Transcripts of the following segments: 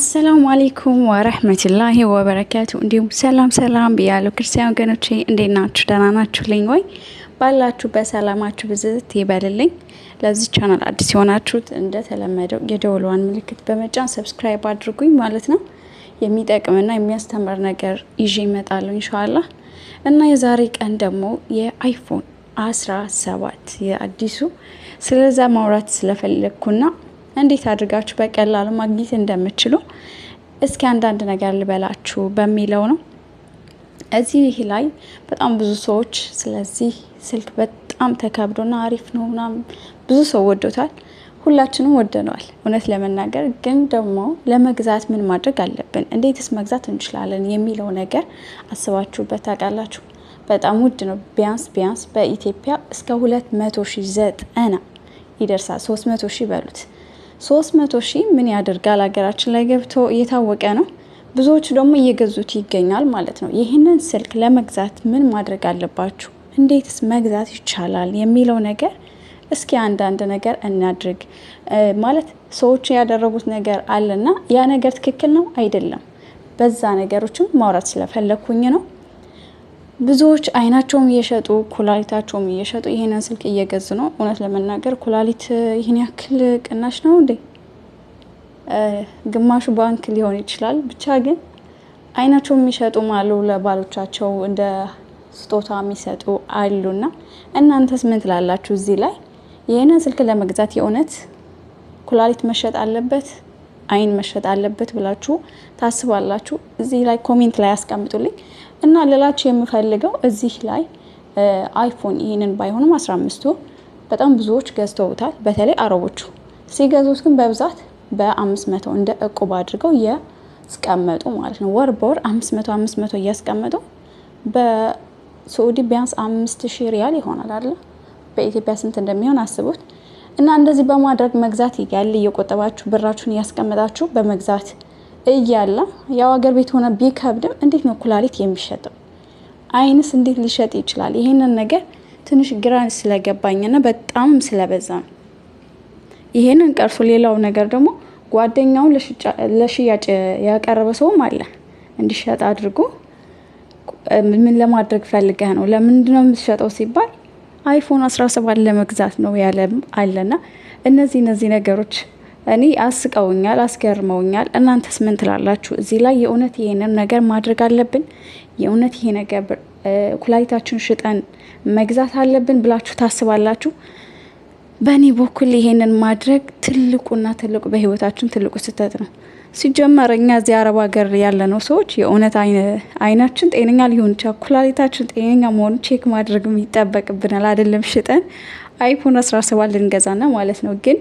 አሰላሙ አሌይኩም ወረህመቱላሂ ወበረካቱ። እንዲሁም ሰላም ሰላም ብያለሁ ክርስቲያን ወገኖች እንዴት ናችሁ? ደህና ናችሁልኝ ወይ? ባላችሁ በሰላማችሁ ብዝት ይበልልኝ። ለዚህ ቻናል አዲስ የሆናችሁት እንደተለመደው የደወሏን ምልክት በመጫን ሰብስክራይብ አድርጉኝ ማለት ነው። የሚጠቅምና የሚያስተምር ነገር ይዤ ይመጣሉ እንሻላ እና የዛሬ ቀን ደግሞ የአይፎን አስራ ሰባት የአዲሱ ስለዛ ማውራት ስለፈለግኩና እንዴት አድርጋችሁ በቀላሉ ማግኘት እንደምትችሉ እስኪ አንዳንድ ነገር ልበላችሁ በሚለው ነው። እዚህ ላይ በጣም ብዙ ሰዎች ስለዚህ ስልክ በጣም ተከብዶና አሪፍ ነው ምናምን ብዙ ሰው ወዶታል። ሁላችንም ወደነዋል። እውነት ለመናገር ግን ደግሞ ለመግዛት ምን ማድረግ አለብን፣ እንዴትስ መግዛት እንችላለን የሚለው ነገር አስባችሁበት ታውቃላችሁ? በጣም ውድ ነው። ቢያንስ ቢያንስ በኢትዮጵያ እስከ ሁለት መቶ ሺህ ዘጠና ይደርሳል። ሶስት መቶ ሺህ በሉት ሶስት መቶ ሺህ ምን ያደርጋል ሀገራችን ላይ ገብቶ እየታወቀ ነው። ብዙዎቹ ደግሞ እየገዙት ይገኛል ማለት ነው። ይህንን ስልክ ለመግዛት ምን ማድረግ አለባችሁ? እንዴትስ መግዛት ይቻላል የሚለው ነገር እስኪ አንዳንድ ነገር እናድርግ። ማለት ሰዎች ያደረጉት ነገር አለና ያ ነገር ትክክል ነው አይደለም፣ በዛ ነገሮችም ማውራት ስለፈለኩኝ ነው። ብዙዎች አይናቸውም እየሸጡ ኩላሊታቸውም እየሸጡ ይሄንን ስልክ እየገዙ ነው። እውነት ለመናገር ኩላሊት ይህን ያክል ቅናሽ ነው እንዴ? ግማሹ ባንክ ሊሆን ይችላል። ብቻ ግን አይናቸውም የሚሸጡም አሉ፣ ለባሎቻቸው እንደ ስጦታ የሚሰጡ አሉና እናንተስ ምን ትላላችሁ እዚህ ላይ? ይህንን ስልክ ለመግዛት የእውነት ኩላሊት መሸጥ አለበት አይን መሸጥ አለበት ብላችሁ ታስባላችሁ? እዚህ ላይ ኮሜንት ላይ ያስቀምጡልኝ። እና ልላችሁ የምፈልገው እዚህ ላይ አይፎን ይህንን ባይሆንም 15ቱ በጣም ብዙዎች ገዝተውታል። በተለይ አረቦቹ ሲገዙት ግን በብዛት በ500 እንደ እቁብ አድርገው እያስቀመጡ ማለት ነው። ወር በወር 500 500 እያስቀመጡ በሳዑዲ ቢያንስ 5000 ሪያል ይሆናል አይደል? በኢትዮጵያ ስንት እንደሚሆን አስቡት። እና እንደዚህ በማድረግ መግዛት ያለ እየቆጠባችሁ ብራችሁን እያስቀመጣችሁ በመግዛት እያለ ያው ሀገር ቤት ሆነ ቢከብድም እንዴት ነው ኩላሊት የሚሸጠው? አይንስ እንዴት ሊሸጥ ይችላል? ይሄንን ነገር ትንሽ ግራ ስለገባኝና በጣም ስለበዛ ይሄንን ቀርሶ ሌላው ነገር ደግሞ ጓደኛውን ለሽያጭ ያቀረበ ሰውም አለ እንዲሸጥ አድርጎ ምን ለማድረግ ፈልገህ ነው? ለምንድን ነው የምትሸጠው ሲባል አይፎን 17 ለመግዛት ነው ያለ አለና እነዚህ እነዚህ ነገሮች እኔ አስቀውኛል፣ አስገርመውኛል። እናንተስ ምን ትላላችሁ? እዚህ ላይ የእውነት ይሄንን ነገር ማድረግ አለብን? የእውነት ይሄ ነገር ኩላሊታችን ሽጠን መግዛት አለብን ብላችሁ ታስባላችሁ? በእኔ በኩል ይሄንን ማድረግ ትልቁና ትልቁ በህይወታችን ትልቁ ስህተት ነው። ሲጀመር እኛ እዚህ አረብ ሀገር ያለነው ሰዎች የእውነት አይናችን ጤነኛ ሊሆን ይችላል። ኩላሊታችን ጤነኛ መሆኑ ቼክ ማድረግም ይጠበቅብናል። አይደለም ሽጠን አይፎን አስራ ሰባት ልንገዛና ማለት ነው ግን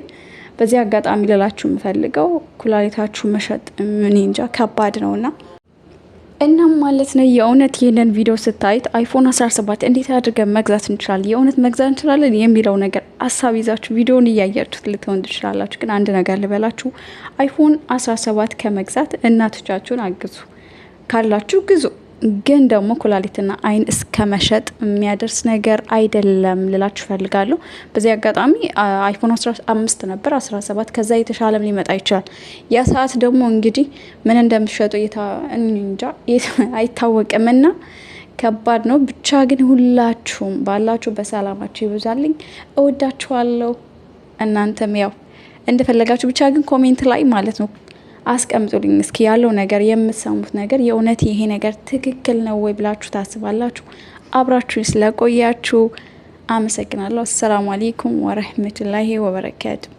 በዚህ አጋጣሚ ልላችሁ የምፈልገው ኩላሊታችሁ መሸጥ ምን እንጃ ከባድ ነውና እናም ማለት ነው የእውነት ይህንን ቪዲዮ ስታይት አይፎን 17 እንዴት አድርገን መግዛት እንችላለን፣ የእውነት መግዛት እንችላለን የሚለው ነገር አሳብ ይዛችሁ ቪዲዮን እያያችሁት ልትሆን ትችላላችሁ። ግን አንድ ነገር ልበላችሁ፣ አይፎን 17 ከመግዛት እናቶቻችሁን አግዙ፣ ካላችሁ ግዙ። ግን ደግሞ ኩላሊትና አይን እስከ መሸጥ የሚያደርስ ነገር አይደለም ልላችሁ ፈልጋለሁ። በዚህ አጋጣሚ አይፎን 15 ነበር 17 ከዛ የተሻለም ሊመጣ ይችላል። ያ ሰዓት ደግሞ እንግዲህ ምን እንደምትሸጡ እንጃ አይታወቅምና ከባድ ነው። ብቻ ግን ሁላችሁም ባላችሁ በሰላማችሁ ይብዛልኝ። እወዳችኋለሁ። እናንተም ያው እንደፈለጋችሁ ብቻ ግን ኮሜንት ላይ ማለት ነው አስቀምጡልኝ እስኪ ያለው ነገር የምትሰሙት ነገር የእውነት ይሄ ነገር ትክክል ነው ወይ ብላችሁ ታስባላችሁ? አብራችሁን ስለቆያችሁ አመሰግናለሁ። አሰላሙ አሌይኩም ወረህመቱላሂ ወበረካቱ